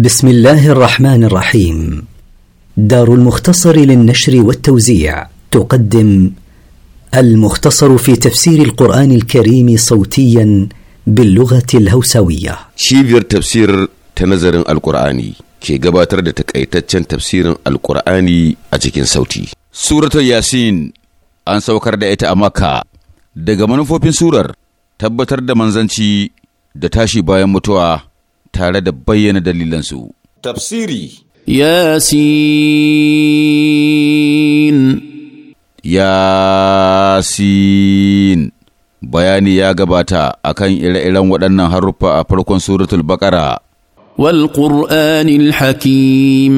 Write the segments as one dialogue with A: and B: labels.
A: بسم الله الرحمن الرحيم دار المختصر للنشر والتوزيع تقدم المختصر في تفسير القرآن الكريم صوتيا باللغة الهوسوية
B: شيفير تفسير تنظر القرآني كي قباتر تكأيتتشن تفسير القرآني أجيكين صوتي سورة ياسين أن وكرد دائتة أماكا daga فوبين surar تبتر da دتاشي da tashi tare da bayyana dalilansu. Tafsiri Yasin Yasin Bayani ya gabata akan ire-iren waɗannan haruffa a farkon suratul baƙara. Wal Qur'anil Hakim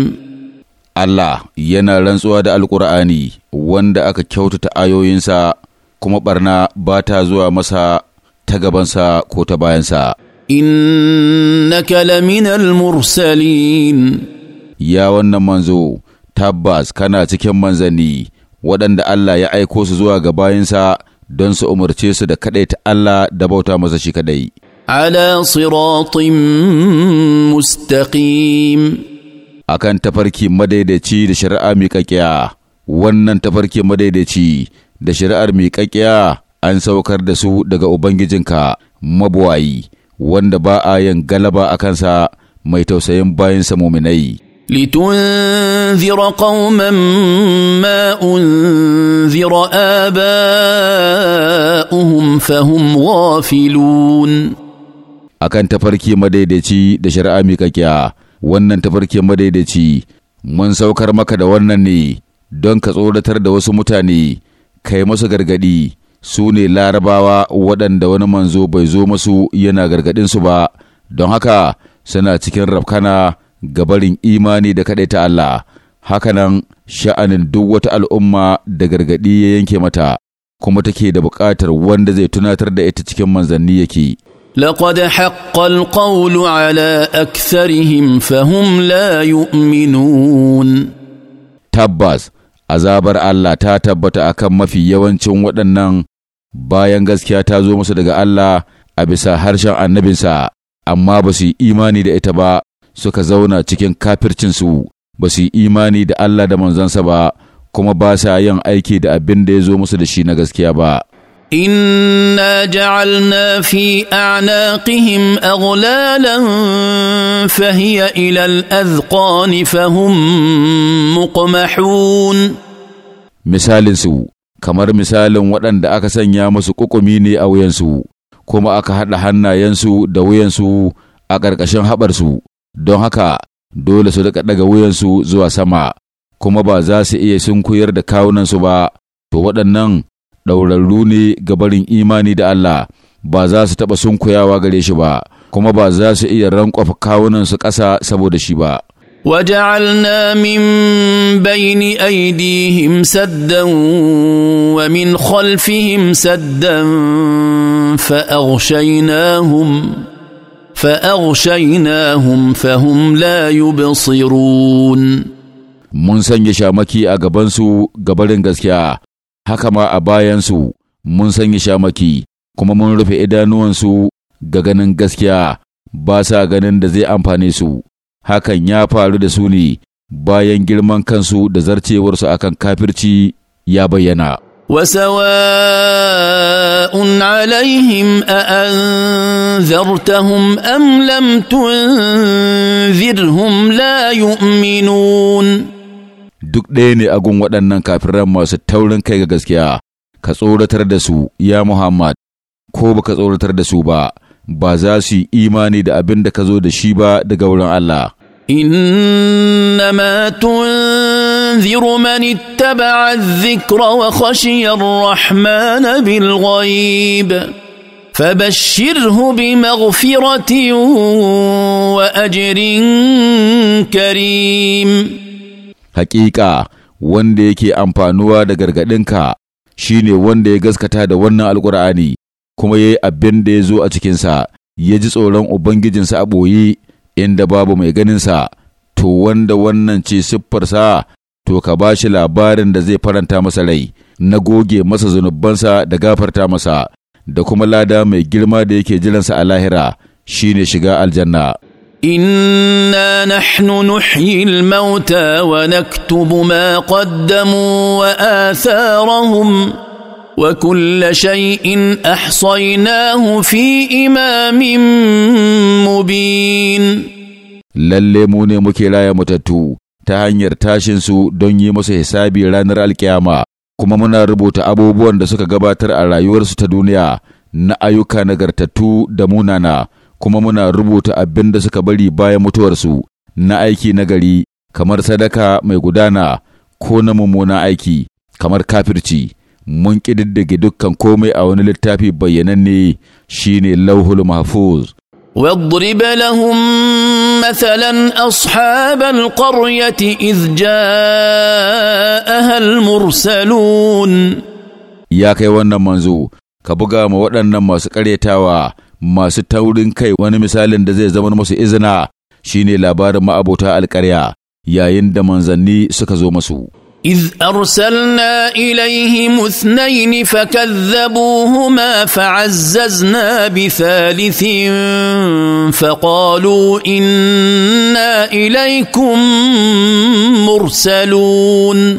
B: Allah yana rantsuwa da Alƙur'ani wanda aka kyautata ayoyinsa kuma ɓarna ba ta zuwa masa ta gabansa ko ta bayansa.
A: إنك لمن
B: المرسلين يا wannan manzo tabbas kana cikin manzanni waɗanda Allah ya aiko su zuwa ga bayinsa don su umarce su da kaɗaita Allah da bauta masa shi kaɗai. Ala siratin mustaqim Akan tafarki madaidaici da shari'a miƙaƙiya, wannan tafarki madaidaici da shari'ar miƙaƙiya an saukar da su daga Ubangijinka mabuwayi. wanda ba a yin galaba a kansa mai tausayin bayan bayansa muminai. لتنذر قوما
A: ما انذر اباؤهم فهم غافلون
B: akan tafarki madaidaici da shari'a miƙaƙiya wannan tafarki madaidaici mun saukar maka da wannan ne don ka tsoratar da wasu mutane kai masu gargaɗi su ne larabawa waɗanda wani manzo bai zo masu yana gargaɗin su ba, don haka suna cikin rafkana gabarin imani da kaɗai ta Allah, hakanan sha'anin duk wata al'umma da gargaɗi ya yanke mata, kuma take da buƙatar wanda zai tunatar da ita cikin manzanni yake.
A: لقد حق القول على أكثرهم
B: فهم لا يؤمنون تباز azabar Allah ta tabbata akan mafi yawancin waɗannan bayan gaskiya ta zo musu daga Allah a bisa harshen annabinsa, amma ba su yi imani da ita ba suka zauna cikin kafircinsu, ba su yi imani da Allah da manzansa ba, kuma ba sa yin aiki da abin da ya zo musu da shi na gaskiya ba.
A: انا جعلنا في اعناقهم اغلالا فهي الى fahum فهم
B: Misalin su. kamar misalin waɗanda aka sanya musu ƙuƙumi ne a wuyansu, kuma aka haɗa hannayensu da wuyansu a ƙarƙashin haɓarsu, don haka dole su daga ɗaga wuyansu zuwa sama, kuma ba za su iya sunkuyar da kawunansu ba, to waɗannan ɗaurarru ne ga barin imani da Allah, ba za su taɓa sunkuyawa gare shi ba, kuma ba za su iya kawunansu ƙasa saboda shi ba.
A: وجعلنا من بين ايديهم سدا ومن خلفهم سدا فاغشيناهم فاغشيناهم فهم
B: لا يبصرون mun sanya shamaki a gabansu gabarin gaskiya haka ma a bayansu mun sanya shamaki kuma mun rufe idanuwansu ga ganin gaskiya ba sa ganin da zai amfane su hakan ya faru da su ne bayan girman kansu da zarcewarsu akan kafirci ya bayyana.
A: وسواء عليهم أأنذرتهم أم لم تنذرهم لا يؤمنون
B: duk ɗaya ne agun waɗannan kafiran masu taurin kai ga gaskiya ka tsoratar da su ya Muhammad ko baka tsoratar da su ba ba za su yi imani da abin da ka zo da shi ba daga wurin Allah. إنما تنذر من اتبع
A: الذكر وخشي الرحمن بالغيب فبشره بمغفرة وأجر
B: كريم حقيقة wanda yake amfanuwa da gargaɗinka shine wanda ya gaskata da wannan alƙur'ani kuma yayi yi abin da ya zo a cikinsa, ya ji tsoron Ubangijinsa a ɓoye inda babu mai ganinsa, to wanda wannan ce siffarsa, to ka ba shi labarin da zai faranta masa rai, na goge masa zunubansa da gafarta masa, da kuma lada mai girma da yake jiransa a lahira, shi ne shiga aljanna.
A: inna انا mauta wa naktubu ma qaddamu wa asarahum وكل شيء احصيناه في امام مبين
B: lalle mu ne muke raya matattu ta hanyar tashinsu don yi masa hisabi ranar alkiyama kuma muna rubuta abubuwan da suka gabatar a rayuwarsu ta duniya na ayyuka nagartattu da munana kuma muna rubuta abin da suka bari bayan mutuwarsu na aiki nagari kamar sadaka mai gudana ko na mummuna aiki kamar kafirci mun ƙididdige dukkan komai a wani littafi bayyananne shine lauhul mahfuz
A: واضرب لهم مثلا اصحاب القريه اذ جاءها
B: المرسلون يا كي wannan manzo ka buga ma waɗannan masu ƙaryatawa masu taurin kai wani misalin da zai zama masu izina shine labarin ma'abota alƙarya yayin da manzanni suka zo masu إذ
A: أرسلنا إليهم اثنين فكذبوهما فعززنا بثالث فقالوا إنا إليكم مرسلون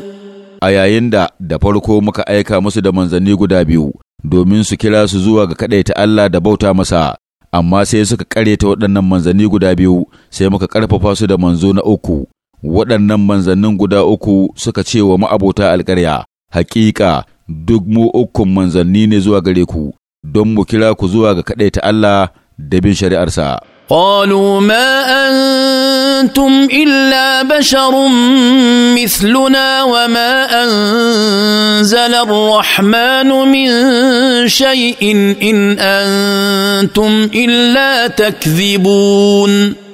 B: a yayin da da farko muka aika musu da manzani guda biyu domin su kira su zuwa ga kaɗaita Allah da bauta masa amma sai suka ta waɗannan manzani guda biyu sai muka ƙarfafa su da manzo na uku waɗannan manzannin guda uku suka ce wa ma'abota alƙarya, Hakika duk mu ukun manzanni ne zuwa gare ku, don mu kira ku zuwa ga kaɗai ta Allah da bin shari'arsa. قالوا
A: ما أنتم إلا بشر مثلنا وما أنزل الرحمن من شيء إن أنتم إلا تكذبون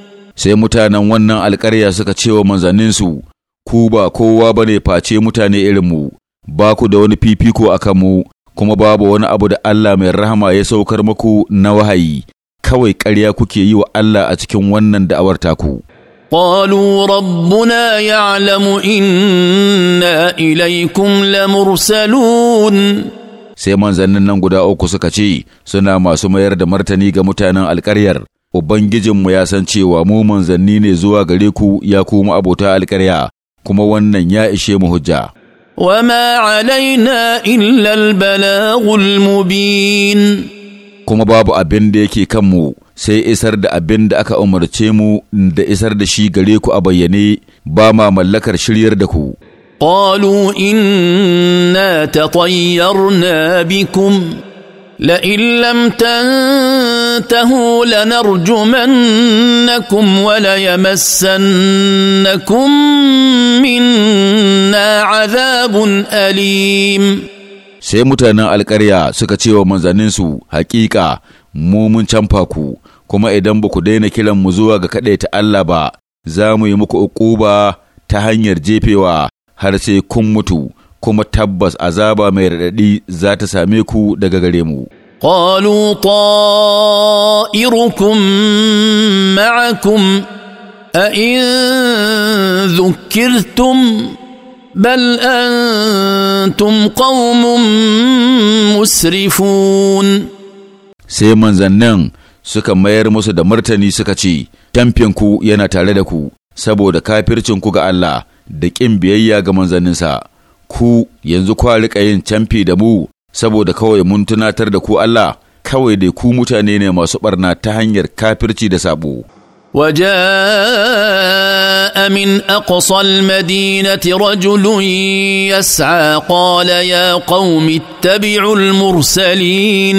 B: sai mutanen wannan alƙarya suka ce wa manzanninsu, Ku ba kowa ba ne face mutane irinmu, ba ku da wani fifiko a kanmu, kuma babu wani abu da Allah mai rahama ya saukar muku na wahayi, kawai ƙarya kuke yi wa Allah a cikin wannan da'awar taku.
A: قالوا ربنا يعلم إنا إليكم لمرسلون
B: sai manzannin nan guda uku suka ce suna masu mayar da martani ga mutanen alƙaryar Ubangijinmu ya san cewa mu manzanni ne zuwa gare ku ya kuma abota alƙarya, kuma wannan ya ishe mu hujja.
A: wama 'alaina illal البلاغ mubin
B: kuma babu abin da yake kanmu sai isar da abin da aka umarce mu da isar da shi gare ku a bayyane ba ma mallakar shiryar da ku.
A: قالوا na bi bikum لئن لم تنتهوا لنرجمنكم وليمسنكم منا عذاب أليم
B: sai mutanen alkarya suka ce wa manzanninsu hakika mu mun canfa ku kuma idan ba ku daina kiran mu zuwa ga kaɗai ta Allah ba za mu yi muku uquba ta hanyar jefewa har sai kun mutu kuma tabbas azaba mai raɗaɗi za ta same ku daga gare mu.
A: قالوا طائركم ma’akun a ذكرتم بل أنتم قوم musrifun.
B: sai manzannin suka mayar musu da martani suka ce, ku yana tare da ku, saboda kafircinku ga Allah da ƙin biyayya ga manzanninsa. ku yanzu kwa rika yin camfi da mu saboda kawai mun tunatar da ku Allah kawai dai ku mutane ne masu barna ta hanyar kafirci da sabo
A: وجاء من اقصى المدينه رجل يسعى قال يا
B: قوم اتبعوا المرسلين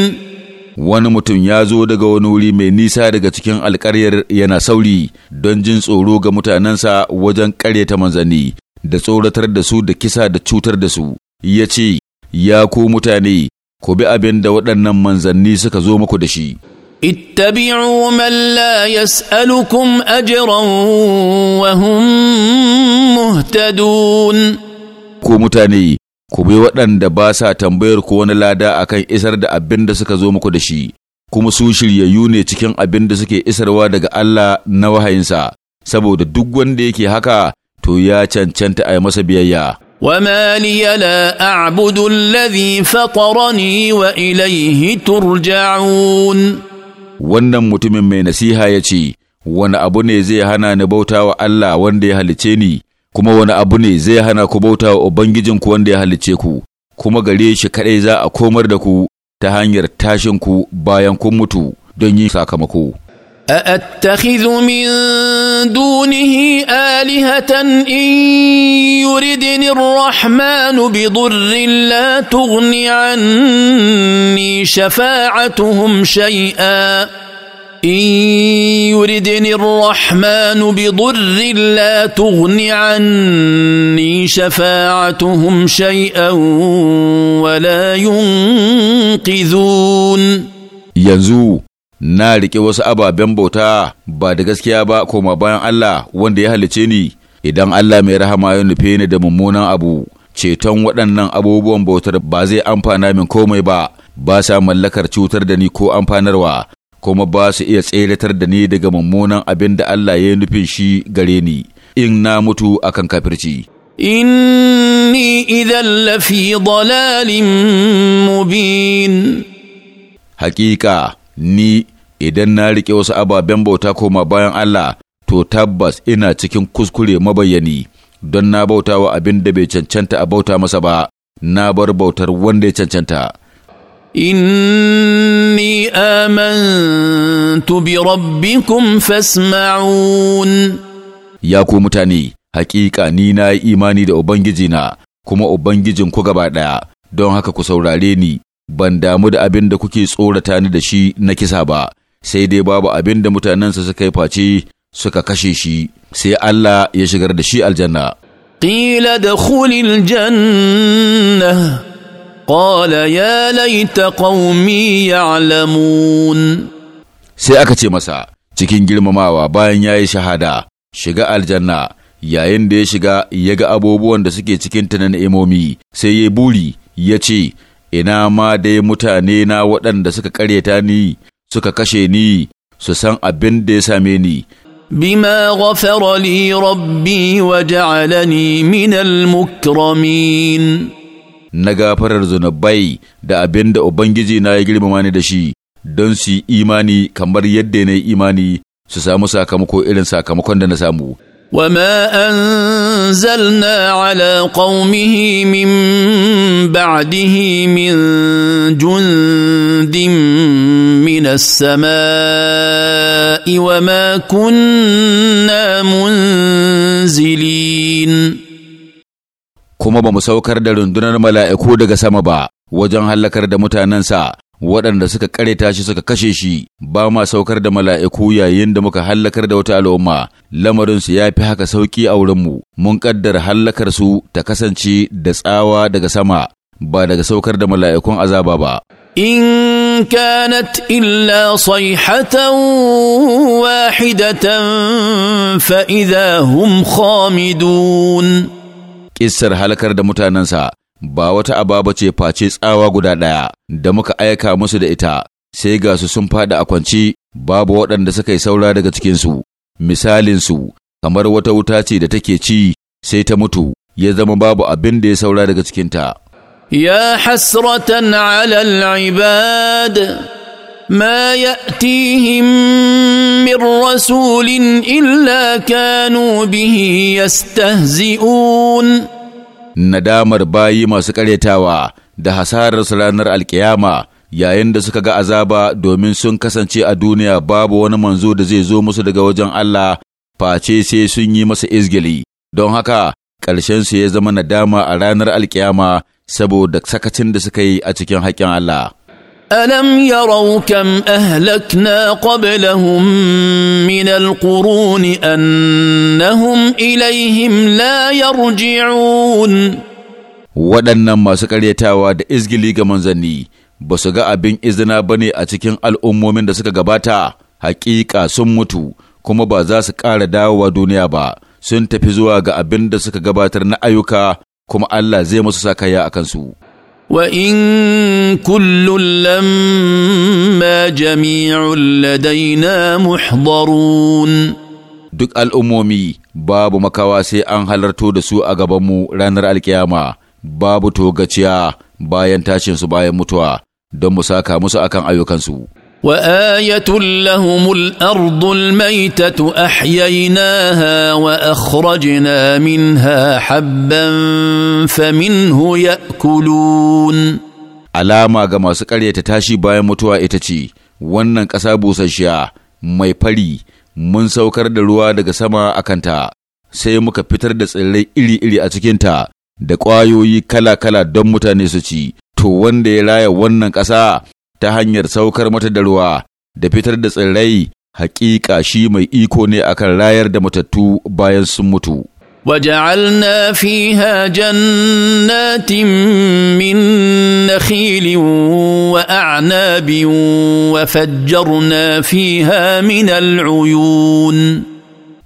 B: wani mutum ya zo daga wani wuri mai nisa daga cikin alkaryar yana sauri don jin tsoro ga mutanensa wajen ƙaryata manzanni da tsoratar da su da kisa da cutar da su, ya ce, Ya ku mutane, ku bi abin da waɗannan manzanni suka zo muku da shi.
A: man la yas'alukum ajran wa hum muhtadun.
B: ku mutane ku bi waɗanda ba sa tambayar ku wani lada akan isar da abin da suka zo muku da shi kuma su shiryayyu ne cikin abin da suke isarwa daga Allah na wahayinsa saboda duk wanda yake haka to ya cancanta a yi masa biyayya.
A: وما لي لا أعبد الذي فطرني وإليه ترجعون
B: wannan mutumin mai nasiha ya ce wani abu ne zai hana ni bauta wa Allah wanda ya halice ni kuma wani abu ne zai hana ku bauta wa Ubangijinku wanda ya halice ku kuma gare shi kaɗai za a komar da ku ta hanyar tashinku bayan kun mutu don yin sakamako.
A: أأتخذ من دونه آلهة إن يردني الرحمن بضر لا تغن عني شفاعتهم شيئا إن يردني الرحمن بضر لا تغن عني شفاعتهم شيئا ولا ينقذون
B: يزو na riƙe wasu ababen bauta ba da gaskiya ba koma bayan Allah wanda ya halice ni idan Allah mai rahama ya nufe ni da mummunan abu ceton waɗannan abubuwan bautar ba zai amfana min komai ba ba sa mallakar cutar da ni ko amfanarwa kuma ba su iya tseratar da ni daga mummunan abin da Allah ya nufin shi gare ni in na mutu akan kafirci
A: inni idan lafi dalalin
B: mubin hakika ni idan na riƙe wasu ababen bauta koma bayan Allah, to tabbas ina cikin kuskure mabayani, don na bauta wa abin da bai cancanta a bauta masa ba, na bar bautar wanda ya cancanta. Inni
A: amantu bi rabbikum fasma'un
B: Ya ku mutane hakika ni na yi imani da Ubangijina kuma Ubangijin ku gaba ɗaya don haka ku saurare ni ban damu da abin da kuke tsorata ni da shi na kisa ba sai dai babu abin da mutanensa suka yi face suka kashe shi sai Allah ya shigar da shi aljanna.
A: Ƙila da khulil janna,
B: ƙala ya laita ƙaumi ya'lamun. Sai aka ce masa cikin girmamawa bayan ya yi shahada, shiga aljanna yayin da ya shiga ya ga abubuwan da suke cikin ta na ni'imomi sai ya buri ya ce, Ina ma dai mutane na waɗanda suka ƙaryata ni suka kashe ni su san abin da ya same ni.
A: Bima بما غفر
B: لي ربي وجعلني من mukramin. na gafarar zunubai da abin da Ubangiji na ya girmama ni da shi don su yi imani kamar yadda na yi imani su samu sakamako irin sakamakon da na samu.
A: وما انزلنا على قومه من بعده من جند من السماء وما كنا
B: منزلين kuma ba mu saukar da rundunar mala'iku daga sama ba wajen hallakar da mutanensa waɗanda suka ƙareta shi suka kashe shi ba ma saukar da mala'iku yayin da muka hallakar da wata al'umma lamarinsu ya fi haka sauƙi a wurinmu mun ƙaddara hallakar su ta kasance da tsawa daga sama ba daga saukar da mala'ikun azaba ba.
A: In kanat illa sayhatan wahidatan fa'iza hum khamidun.
B: Ƙissar halakar da mutanensa ba wata aba ba ce face tsawa guda ɗaya da muka aika musu da ita sai ga su sun faɗi a kwanci babu waɗanda suka yi saura daga cikinsu su, kamar wata wuta ce da take ci sai ta mutu ya zama babu abin da ya saura daga cikinta
A: يا حسرة على العباد ما يأتيهم من رسول إلا كانوا به يستهزئون
B: nadamar bayi masu karetawa, da hasararsu ranar alkiyama yayin da suka ga azaba domin sun kasance a duniya babu wani manzo da zai zo musu daga wajen Allah face sai sun yi masa izgili don haka ƙarshen su ya zama nadama a ranar alkiyama saboda sakacin da suka yi a cikin haƙƙin Allah.
A: الم يروا كم اهلكنا قبلهم من القرون انهم اليهم لا يرجعون
B: waɗannan masu ƙaryatawa da izgili ga manzanni ba su ga abin izina ba ne a cikin al'ummomin da suka gabata haƙiƙa sun mutu kuma ba za su ƙara dawowa duniya ba sun tafi zuwa ga abin da suka gabatar na ayyuka kuma Allah zai masu kaya a kansu.
A: وان كل لما
B: جميع لدينا محضرون duk al'ummomi babu makawa sai an halarto da su a gabanmu ranar alkiyama babu togaciya bayan tashinsu bayan mutuwa don mu saka musu akan ayyukansu.
A: وايه لهم الارض الميته احييناها واخرجنا منها حبا فمنه ياكلون
B: alama ga masu ƙaryata tashi bayan mutuwa ita ce wannan ƙasa busasshiya mai fari mun saukar da ruwa daga sama a kanta sai muka fitar da tsirrai iri-iri a cikinta da ƙwayoyi kala-kala don mutane su ci to wanda ya raya wannan ƙasa ta hanyar saukar mata da ruwa da fitar da tsirrai hakika shi mai iko ne akan rayar da matattu bayan sun mutu.
A: وجعلنا فيها جنات من نخيل wa وفجرنا فيها من
B: العيون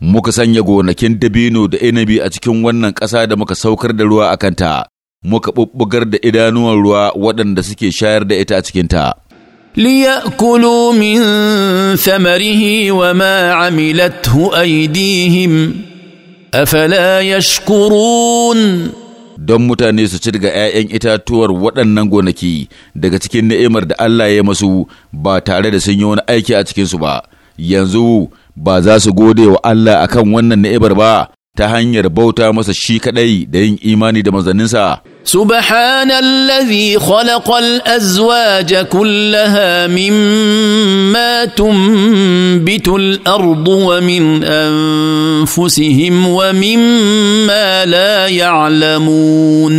B: muka sanya gonakin dabino da inabi a cikin wannan ƙasa da muka saukar da ruwa a kanta muka ɓuɓɓugar da idanuwan ruwa waɗanda suke shayar da ita a cikinta لياكلوا
A: من ثمره وما عملته ايديهم
B: افلا يشكرون don mutane su ci daga ‘ya'yan itatuwar waɗannan gonaki daga cikin ni'imar da Allah ya masu ba tare da sun yi wani aiki a cikinsu ba, yanzu ba za su gode wa Allah akan wannan ni'imar ba ta hanyar bauta masa shi kaɗai da yin imani da manzanninsa. سبحان
A: الذي خلق الازواج كلها مما تنبت الارض ومن انفسهم ومما لا يعلمون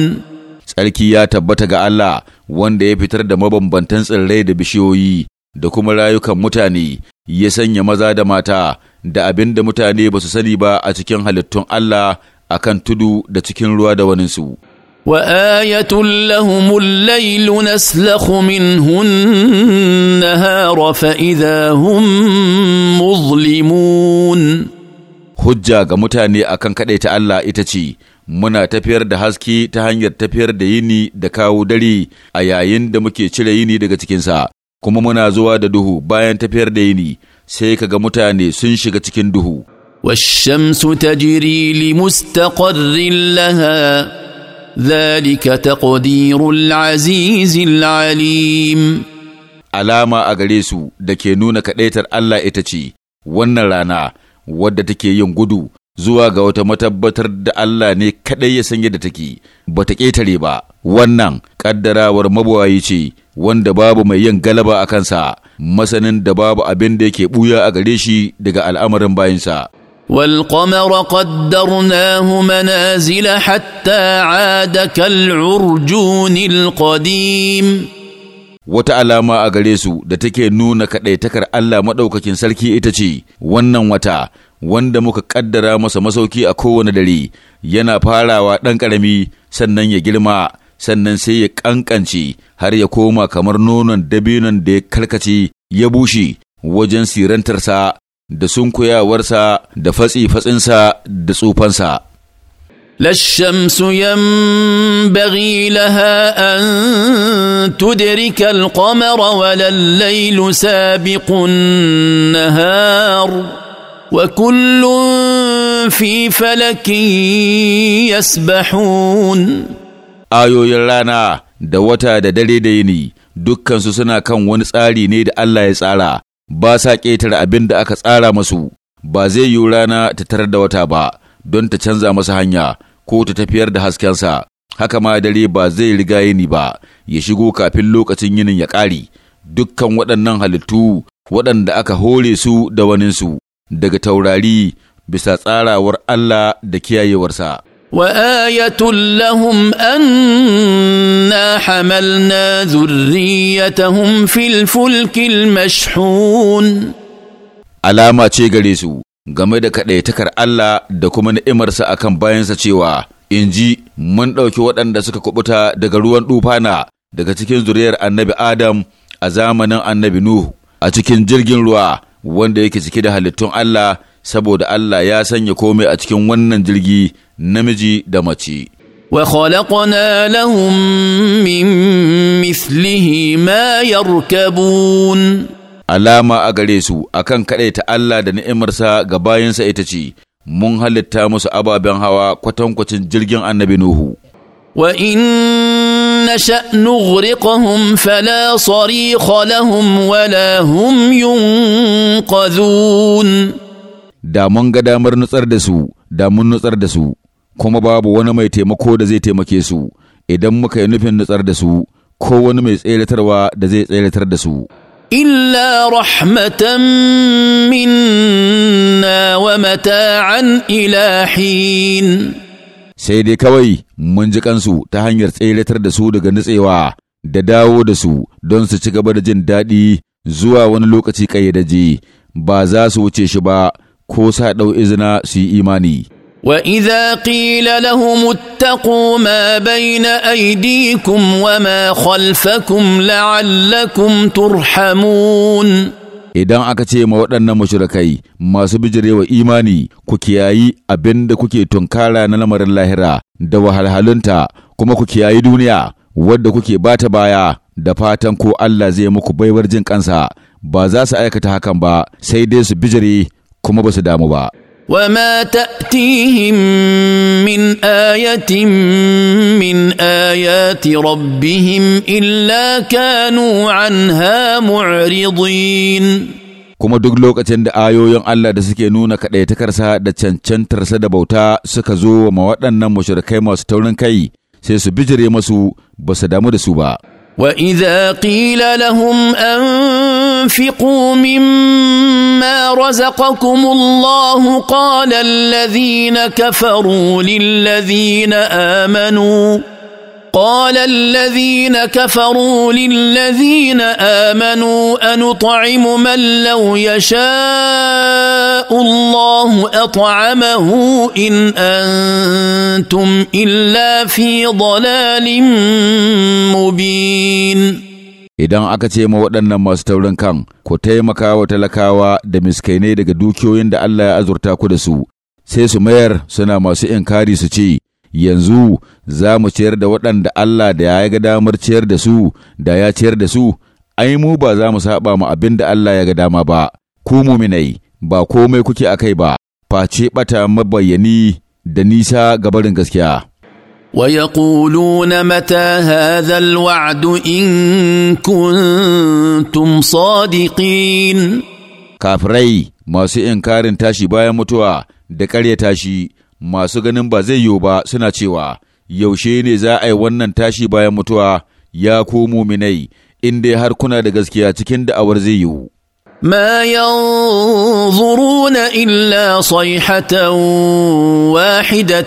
B: tsarki ya tabbata ga Allah wanda ya fitar da mabambantan tsirrai da bishiyoyi da kuma rayukan mutane ya sanya maza da mata da abin da mutane ba su sani ba a cikin halittun Allah akan tudu da cikin ruwa da waninsu.
A: وآية لهم الليل نسلخ منه النهار
B: فإذا
A: هم
B: مظلمون حجة متاني أكن كديت الله إتشي منا تبير ده هزكي تبير ديني دكاو دلي أيين ده تليني چلي يني ده منا زوا ده دهو باين تبير ديني سيك سيكا متاني سنشي دهو والشمس
A: تجري لمستقر لها ذلك تقدير العزيز العليم
B: alama a gare da ke nuna kaɗaitar Allah ita ce wannan rana wadda take yin gudu zuwa ga wata matabbatar da Allah ne kaɗai ya sanya da take ba ta ƙetare ba wannan ƙaddarawar mabuwayi ce wanda babu mai yin galaba a kansa masanin da babu abin da yake ɓuya a gare shi daga al'amarin bayinsa.
A: والقمر قدرناه منازل حتى عاد كالعرجون
B: القديم wata alama a gare su da take nuna kaɗaitakar Allah maɗaukakin sarki ita ce wannan wata wanda muka ƙaddara masa masauki a kowane dare yana farawa ɗan ƙarami sannan ya girma sannan sai ya ƙanƙance har ya koma kamar nonon dabinon da ya karkace ya bushe wajen sirantarsa da sunkuyawarsa da fatsi fatsinsa da tsufansa لا الشمس ينبغي
A: لها ان تدرك القمر ولا الليل سابق النهار وكل في فلك يسبحون
B: ayoyin rana da wata da dare da yini dukkansu suna kan wani tsari ne da Allah ya tsara ba sa ƙetare abin da aka tsara masu ba zai yi rana ta tarar da wata ba don ta canza masa hanya ko ta tafiyar da haskensa haka ma dare ba zai riga yini ba ya shigo kafin lokacin yinin ya ƙare dukkan waɗannan halittu waɗanda aka hore su da waninsu daga taurari bisa tsarawar Allah da kiyayewarsa.
A: وايه لهم انا حملنا ذريتهم في الفلك المشحون
B: alama ce gare su game da kaɗaitakar Allah da kuma ni'imarsa akan bayansa cewa in ji mun ɗauki waɗanda suka kubuta daga ruwan ɗufana daga cikin zuriyar annabi Adam a zamanin annabi Nuhu a cikin jirgin ruwa wanda yake cike da halittun Allah saboda Allah ya sanya komai a cikin wannan jirgi namiji da mace
A: وخلقنا لهم من مثله ما يركبون
B: alama a gare su akan kaɗaita Allah da ni'imarsa ga bayansa ita ce mun halitta musu ababen hawa kwatankwacin jirgin annabi Nuhu
A: wa in nasha nughriqahum fala sarikha lahum wala hum yunqadhun
B: da mun ga damar nutsar da su da mun nutsar da su kuma babu wani mai taimako da zai taimake su idan muka yi nufin nutsar da su ko wani mai tseratarwa da zai tseratar da su
A: Illa
B: رحمة
A: منا ومتاعا إلى ilahin?
B: sai dai kawai mun ji kansu ta hanyar tseratar da su daga nutsewa da dawo da su don su ci gaba da jin daɗi zuwa wani lokaci ƙayyadaje ba za su wuce shi ba ko sa ɗau izina su yi imani.
A: واذا قيل لهم اتقوا ما بين ايديكم
B: وما خلفكم لعلكم ترحمون idan aka ce ma waɗannan mashirakai masu bijirewa imani ku kiyayi abin da kuke tunkara na lamarin lahira da wahalhalunta kuma ku kiyayi duniya wadda kuke bata baya da fatan ko Allah zai muku baiwar jin kansa ba za su aikata hakan ba sai dai su bijire kuma ba su damu ba
A: وما تاتيهم من ايه من ايات
B: ربهم الا كانوا عنها معرضين kuma duk lokacin da ayoyin Allah da suke nuna kaɗaitakarsa da cancantarsa da bauta suka zo wa waɗannan mashirkai masu taurin kai sai su bijire masu ba su damu da su ba.
A: وإذا قيل لهم أن انفقوا مما رزقكم الله قال الذين كفروا للذين امنوا قال الذين كفروا للذين امنوا انطعم من لو يشاء الله اطعمه ان انتم الا في ضلال مبين
B: Idan aka ce ma waɗannan masu taurin kan, ku taimaka wa talakawa da miskainai daga dukiyoyin da Allah ya azurta ku da su, sai su mayar suna masu inkari su ce, Yanzu za mu ciyar da waɗanda Allah da ya ga damar ciyar da su, da ya ciyar da su, ai mu ba za mu saba mu abin da Allah ya ga dama ba, ku muminai, ba komai kuke a kai ba, face bata mabayani da nisa ga barin gaskiya. ويقولون متى هذا الوعد إن كنتم صادقين كافري masu inkarin tashi bayan mutuwa da ƙarya tashi masu ganin ba zai yiwu ba suna cewa yaushe ne za a yi wannan tashi bayan mutuwa ya ku muminai in dai har kuna da gaskiya cikin da'awar zai yiwu
A: ما ينظرون الا صيحه
B: واحده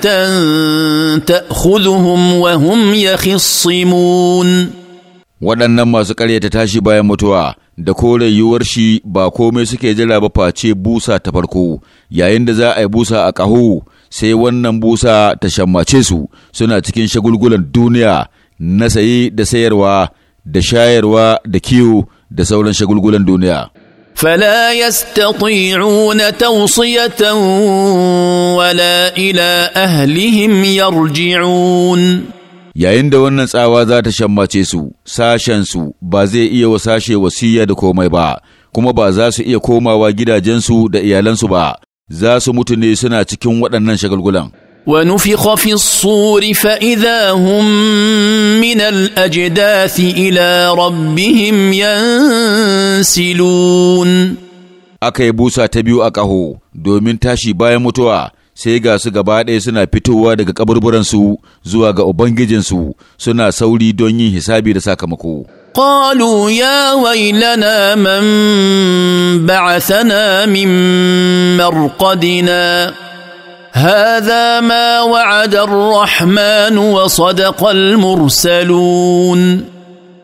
B: تاخذهم وهم يخصمون waɗannan masu ƙaryata tashi bayan mutuwa da kore yiwuwar shi ba komai suke jira ba face busa ta farko yayin da za a yi busa a ƙaho sai wannan busa ta shammace su suna cikin shagulgulan duniya na saye da sayarwa da shayarwa da kiwo da sauran shagulgulan duniya
A: فلا يستطيعون توصيه ولا الى اهلهم يرجعون
B: yayin da wannan tsawa za ta shammace su sashensu ba zai iya wasashe sashe wasiya da komai ba kuma ba za su iya komawa gidajensu da iyalansu ba za su mutu ne suna cikin waɗannan shagulgulan
A: ونفخ في الصور فاذا هم من
B: الاجداث الى ربهم ينسلون aka yi busa ta biyu a ƙaho domin tashi bayan mutuwa sai ga su gaba ɗaya suna fitowa daga kaburburansu zuwa ga ubangijinsu suna sauri don yin hisabi da sakamako
A: قالوا يا ويلنا من بعثنا من مرقدنا
B: هذا ما وعد الرحمن وصدق المرسلون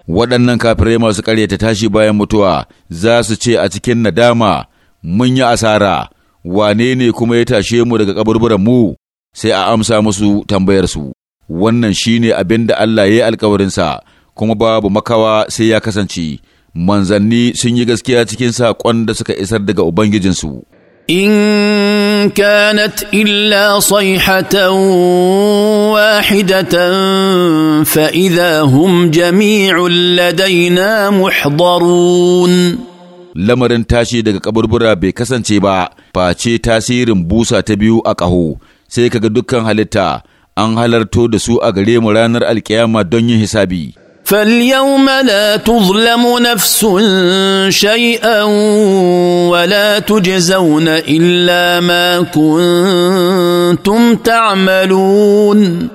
B: waɗannan kafirai masu ƙaryata tashi bayan mutuwa za su ce a cikin nadama mun yi asara wane ne kuma ya tashe mu daga kaburburan mu sai a amsa musu tambayarsu wannan shine abin da Allah ya yi alkawarinsa kuma babu makawa sai ya kasance manzanni sun yi gaskiya cikin saƙon da suka isar daga ubangijinsu
A: ان كانت الا صيحه واحده فاذا
B: هم جميع لدينا محضرون lamarin tashi daga kaburbura bai kasance ba face tasirin busa ta biyu a ƙaho sai kaga dukkan halitta an halarto da su a gare mu ranar alkiyama don yin hisabi
A: فاليوم لا تظلم نفس شيئا ولا تجزون الا ما كنتم تعملون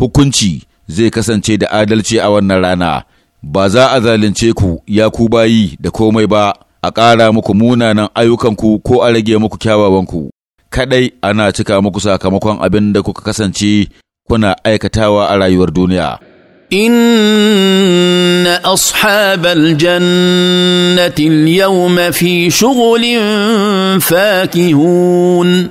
B: hukunci zai kasance da adalci a wannan rana ba za a zalunce ku ya ku bayi da komai ba a ƙara muku munanan ayyukanku ko a rage muku kyawawanku kadai ana cika muku sakamakon abin da kuka kasance kuna aikatawa a rayuwar duniya
A: ان اصحاب الجنه اليوم
B: في شغل فاكهون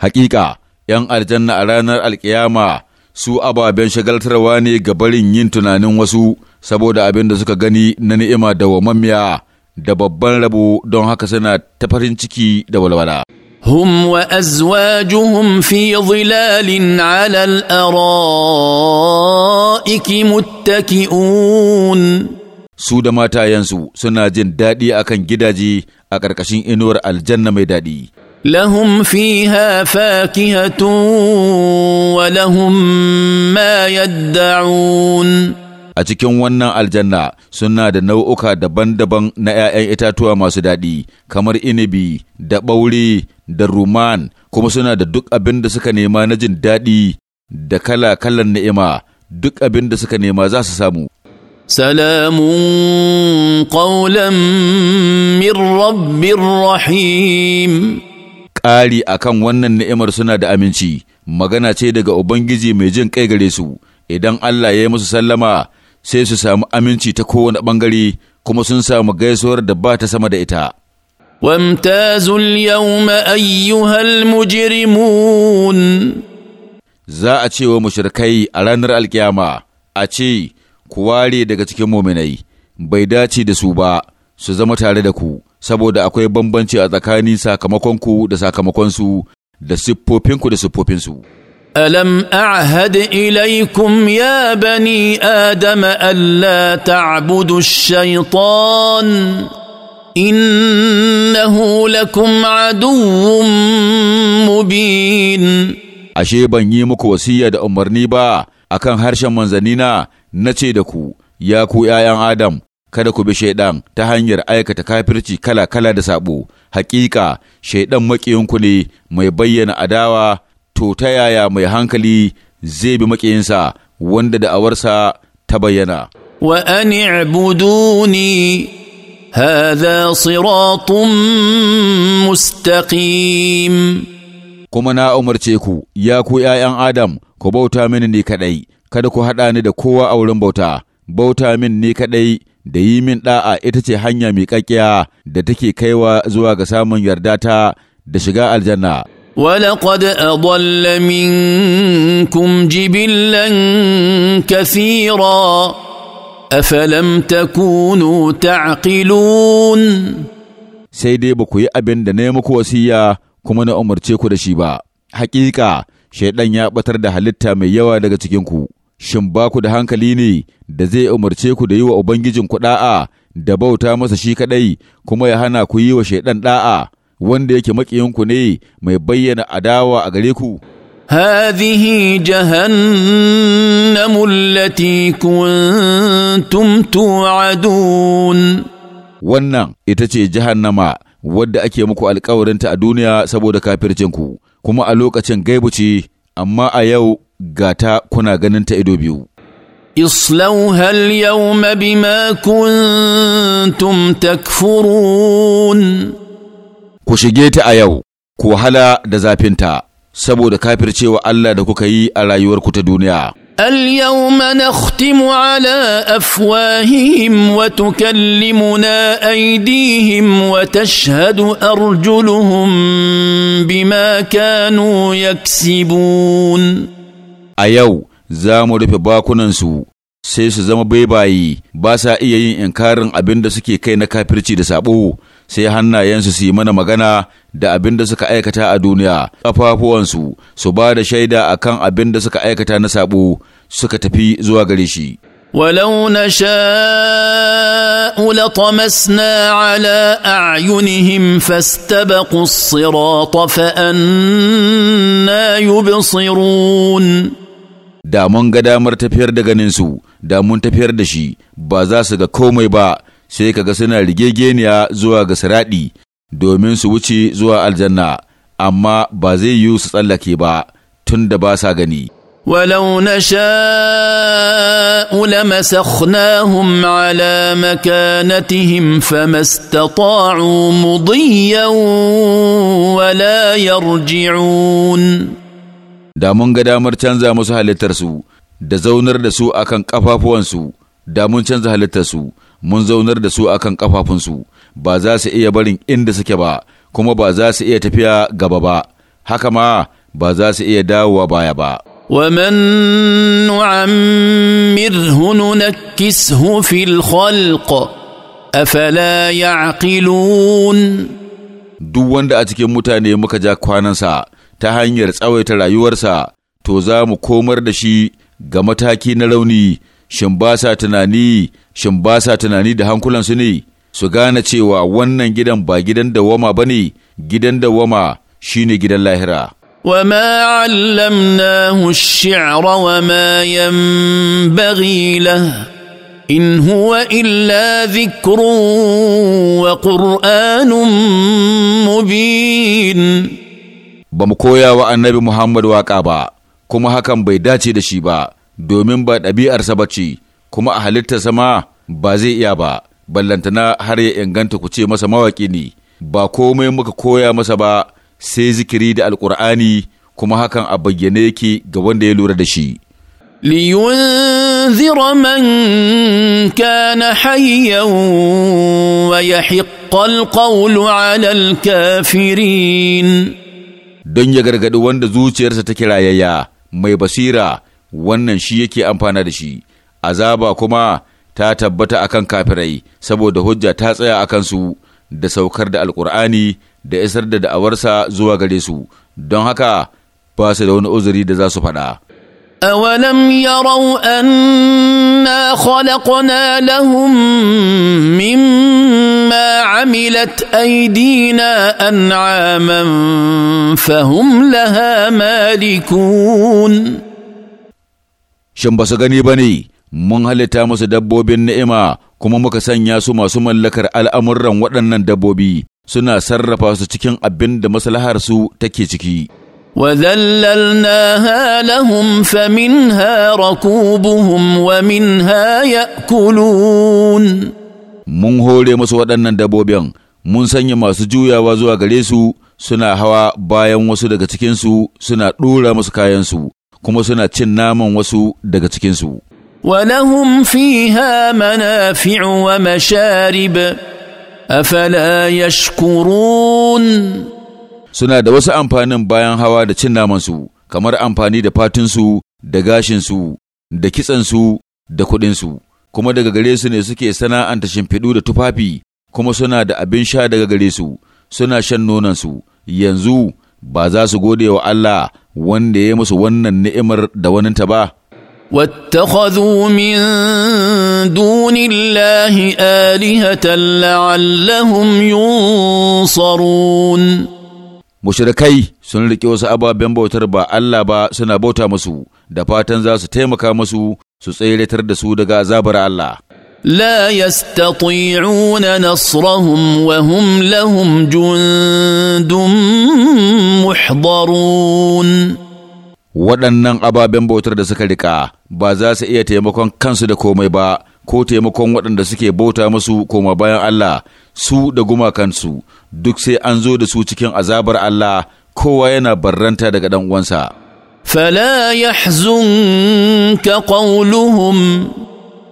B: حقيقه yan aljanna a ranar alkiyama su ababen shagaltarwa ne ga barin yin tunanin wasu saboda abin da suka gani na ni'ima da wamammiya da babban rabo don haka suna ta farin ciki da walwala
A: هم وازواجهم
B: في ظلال على الارائك متكئون سودا ماتا ينسو سنا جن دادي اكن جداجي اكركشين انور الجنة ميدادي
A: لهم فيها فاكهة ولهم ما يدعون
B: a cikin wannan aljanna suna da nau'uka daban-daban na ‘ya'yan itatuwa masu daɗi, kamar inibi, da ɓaure, da ruman, kuma suna da duk abin da suka nema na jin daɗi da kala-kalan ni'ima, duk abin da suka nema za su samu. Salamun ƙari a kan wannan ni'imar suna da aminci, magana ce daga Ubangiji mai jin kai gare su, idan Allah ya yi musu sallama sai su samu aminci ta kowane ɓangare kuma sun samu gaisuwar da ba ta sama da ita. وامتازوا اليوم أيها المجرمون za a ce wa mushrikai a ranar alkiyama a ce ku ware daga cikin muminai bai dace da su ba su zama tare da ku saboda akwai bambanci a tsakanin sakamakonku da sakamakonsu da siffofinku da siffofinsu.
A: الم اعهد اليكم يا بني ادم الا تعبدوا الشيطان انه لكم عدو مبين
B: ashe ban yi muku wasiya da umarni ba akan harshen manzanina na ce da ku ya ku ’ya'yan adam kada ku bi shaidan ta hanyar aikata kafirci kala-kala da sabo hakika shaidan maƙiyinku ne mai bayyana adawa to ta yaya mai hankali zai bi maƙiyinsa wanda da'awarsa ta bayyana.
A: Wa an i'buduni haza
B: siratun mustaqim. kuma na umarce ku ya ku ’ya'yan Adam ku bauta mini ni kaɗai, kada ku haɗa ni da kowa a wurin bauta, bauta min ni kaɗai da yi min ɗa'a ita ce hanya miƙaƙƙiya da take kaiwa zuwa ga samun yarda ta da shiga aljanna.
A: ولقد اضل منكم جبلا كثيرا
B: افلم تكونوا تعقلون sai dai ba ku yi abin da na yi muku wasiya kuma na umarce ku da shi ba Haƙiƙa, shaidan ya ɓatar da halitta mai yawa daga cikinku shin ba ku da hankali ne da zai umarce ku da yi wa ubangijin ku da'a da bauta masa shi kaɗai kuma ya hana ku yi wa shaidan ɗa'a? wanda yake makiyinku ne mai bayyana adawa a gare ku. هذه جهنم التي كنتم توعدون wannan ita ce jahannama wadda ake muku alkawarinta a duniya saboda kafircinku kuma a lokacin gaibuci amma a yau gata kuna ganin ta ido biyu اصلوها
A: اليوم بما kuntum takfurun.
B: ku shige ta a yau, ku wahala da zafinta, saboda kafircewa Allah da kuka yi a rayuwarku ta duniya.
A: اليوم na, على wa وتكلمنا ايديهم
B: وتشهد ارجلهم بما كانوا يكسبون a yau za mu rufe bakunansu sai su zama baibayi ba sa iya yin inkarin abin da suke kai na kafirci da saɓo. sai hannayensu su yi mana magana da abin da suka aikata a duniya ƙafafuwansu su ba da shaida a kan abin da suka aikata na saɓo suka tafi zuwa gare shi
A: ولو نشاء لطمسنا على
B: أعينهم فاستبقوا الصراط فأنا يبصرون da mun ga damar tafiyar da ganinsu da mun tafiyar da shi ba za su ga komai ba sai kaga suna rigegeniya zuwa ga siraɗi domin su wuce zuwa aljanna amma ba zai yiwu su tsallake ba tun da ba sa gani
A: ولو نشاء لمسخناهم على مكانتهم فما استطاعوا
B: مضيا ولا يرجعون da mun ga damar canza musu halittarsu da zaunar da su akan ƙafafuwansu da mun canza halittarsu mun zaunar da su akan ƙafafunsu ba za su iya barin inda suke ba kuma ba za su iya tafiya gaba ba haka ma ba za su iya dawowa baya ba ومن نعمره ننكسه في الخلق أفلا يعقلون duk wanda a cikin mutane muka ja kwanansa ta hanyar tsawaita rayuwarsa to za mu komar da shi ga mataki na rauni shin ba sa tunani shin ba sa tunani da hankulansu ne su gane cewa wannan gidan ba gidan wama ba ne gidan shi shine gidan lahira
A: وما علمناه الشعر وما ينبغي له illa هو wa ذكر mubin. Ba
B: bamu koya wa annabi Muhammad waƙa ba kuma hakan bai dace da shi ba domin ba ɗabi'arsa ba ce, kuma a halittarsa ma ba zai iya ba, ballantana har ya inganta ku ce masa mawaƙi ne, ba komai muka koya masa ba sai zikiri da alƙur'ani kuma hakan a bayyane yake ga wanda ya lura da shi.
A: لينذر من كان حيا ويحق القول
B: على الكافرين don ya gargaɗi wanda zuciyarsa ta rayayya mai basira wannan shi yake amfana da shi azaba kuma ta tabbata akan kafirai saboda hujja ta tsaya akan su da saukar da alkur'ani da isar da da'awarsa zuwa gare su don haka ba su da wani uzuri da za su faɗa.
A: أولم يروا أنا خلقنا لهم مما عملت أيدينا أنعاما فهم لها مالكون
B: shin ba su gani ba ne, mun halitta musu dabbobin ni'ima kuma muka sanya su masu mallakar al'amuran waɗannan dabbobi suna sarrafa su cikin abin da maslaharsu take ciki.
A: وذللناها لهم فمنها ركوبهم ومنها يأكلون
B: mun hore musu waɗannan dabbobin mun sanya masu juyawa zuwa gare su suna hawa bayan wasu daga cikinsu suna ɗora musu kayansu kuma suna cin naman wasu daga cikinsu.
A: ولهم
B: mana منافع mashariba أفلا يشكرون suna da wasu amfanin bayan hawa da cin namansu kamar amfani da fatinsu da gashinsu da kitsansu da kuɗinsu kuma daga gare su ne suke sana'anta shimfiɗu da tufafi kuma suna da abin sha daga gare su suna shan nonansu yanzu ba za su gode wa Allah wanda ya yi musu wannan ni'imar da waninta ba. واتخذوا من دون الله آلهة لعلهم ينصرون mushrikai sun riƙe wasu ababen bautar ba Allah ba suna bauta musu da fatan za su taimaka musu su tsayyatar da su daga azabar Allah.
A: لا يستطيعون نصرهم وهم لهم جند محضرون
B: waɗannan ababen bautar da suka riƙa ba za su iya taimakon kansu da komai ba ko taimakon waɗanda suke bauta musu koma bayan Allah su da gumakansu duk sai an zo da su cikin azabar Allah kowa yana barranta daga ɗan uwansa. فلا يحزنك قولهم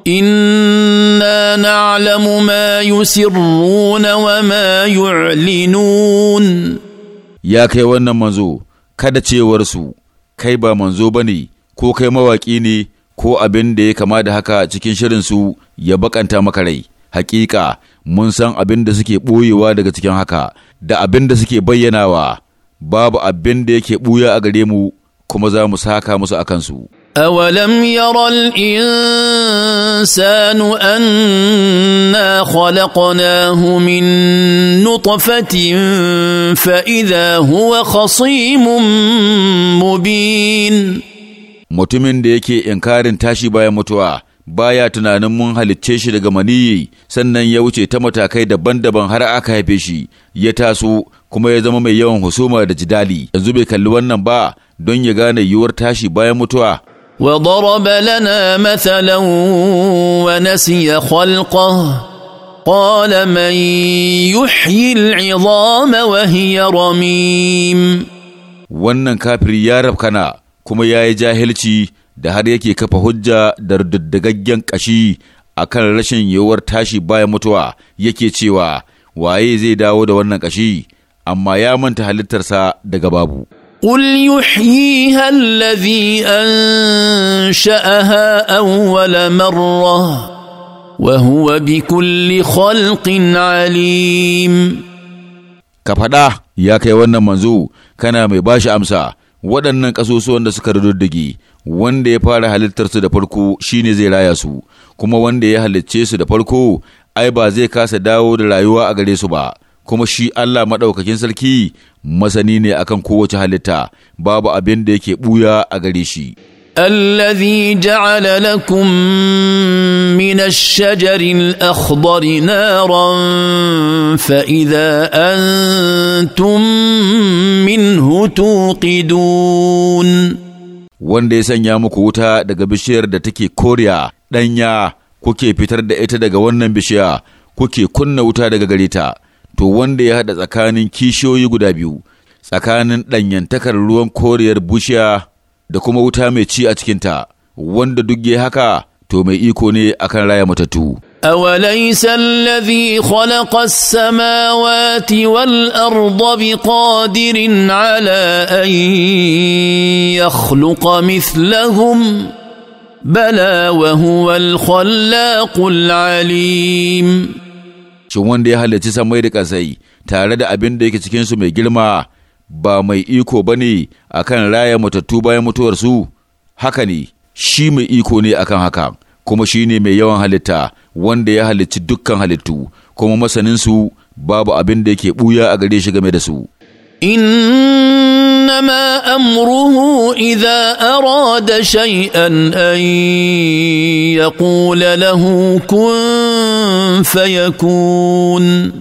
A: انا نعلم ما يسرون وما
B: يعلنون ya kai wannan manzo kada cewarsu kai ba manzo ba ne ko kai mawaƙi ne ko abin da ya kama da haka cikin shirinsu ya bakanta maka rai hakika mun san abin da suke ɓoyewa daga cikin haka da abin da suke bayyanawa babu abin da yake ɓuya a gare mu kuma za mu saka musu kansu.
A: أولم ير الإنسان أنا خلقناه من نطفة فإذا هو خصيم مبين
B: mutumin da yake inkarin tashi bayan mutuwa baya tunanin mun halicce shi daga maniyi sannan ya wuce ta matakai daban-daban har aka haife shi ya taso kuma ya zama mai yawan husuma da jidali yanzu bai kalli wannan ba don ya gane yiwuwar tashi bayan mutuwa وضرب لنا مثلا
A: ونسي خلقه قال من يحيي العظام وهي رميم
B: wannan kafiri ya rafkana kuma ya yi jahilci da har yake kafa hujja da daddagaggen ƙashi a kan rashin yiwuwar tashi bayan mutuwa yake cewa waye zai dawo da wannan ƙashi amma ya manta halittarsa daga babu
A: قل يحييها الذي انشاها اول مره وهو بكل
B: خلق عليم ka faɗa ya kai wannan manzo kana mai bashi amsa waɗannan ƙasusuwan da suka rududdige wanda ya fara halittarsu da farko shine zai raya su kuma wanda ya halicce su da farko ai ba zai kasa dawo da rayuwa a gare su ba kuma shi Allah maɗaukakin sarki masani ne akan kowace halitta babu abin da yake ɓuya a gare shi.
A: الذي جعل لكم من الشجر الاخضر نارا فاذا
B: انتم منه توقدون wanda ya sanya muku wuta daga bishiyar da take koriya ɗanya kuke fitar da ita daga wannan bishiya kuke kunna wuta daga gareta?" to wanda ya haɗa tsakanin kishiyoyi guda biyu, tsakanin ɗanyantakar ruwan koriyar bushiya da kuma wuta mai ci a cikinta, wanda duk ya haka to mai iko ne akan raya matattu.
A: أوليس الذي خلق السماوات والأرض بقادر على أن يخلق مثلهم بلى وهو الخلاق العليم
B: shin wanda ya halarci samai da ƙasai tare da abin da yake cikinsu mai girma ba mai iko ba ne a kan raya matattu bayan mutuwarsu haka ne shi mai iko ne akan haka kuma shi ne mai yawan halitta wanda ya halarci dukkan halittu kuma masaninsu babu abin da yake ɓuya a gare shi game da su
A: انما amruhu اذا اراد شيئا ان يقول له كن fayakun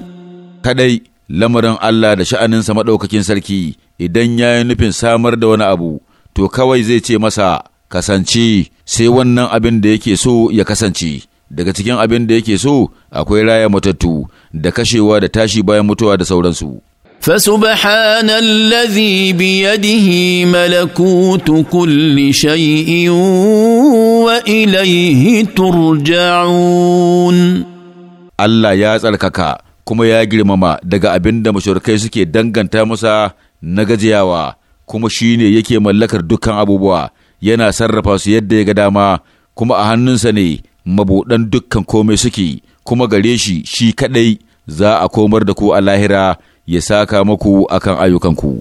B: kadai lamarin Allah da sha'aninsa maɗaukakin sarki idan ya yi nufin samar da wani abu to kawai zai ce masa kasance sai wannan abin da yake so ya kasance daga cikin abin da yake so akwai raya matattu da kashewa da tashi bayan mutuwa da sauransu
A: فسبحان الذي بيده ملكوت كل شيء واليه ترجعون
B: Allah ya tsarkaka kuma ya girmama daga abin da mashirkai suke danganta masa na gajiyawa kuma shi ne yake mallakar dukkan abubuwa yana sarrafa su yadda ya ga dama kuma a hannunsa ne mabuɗan dukkan komai suke kuma gare shi shi kaɗai za a komar da ku a lahira ya saka muku akan ayyukanku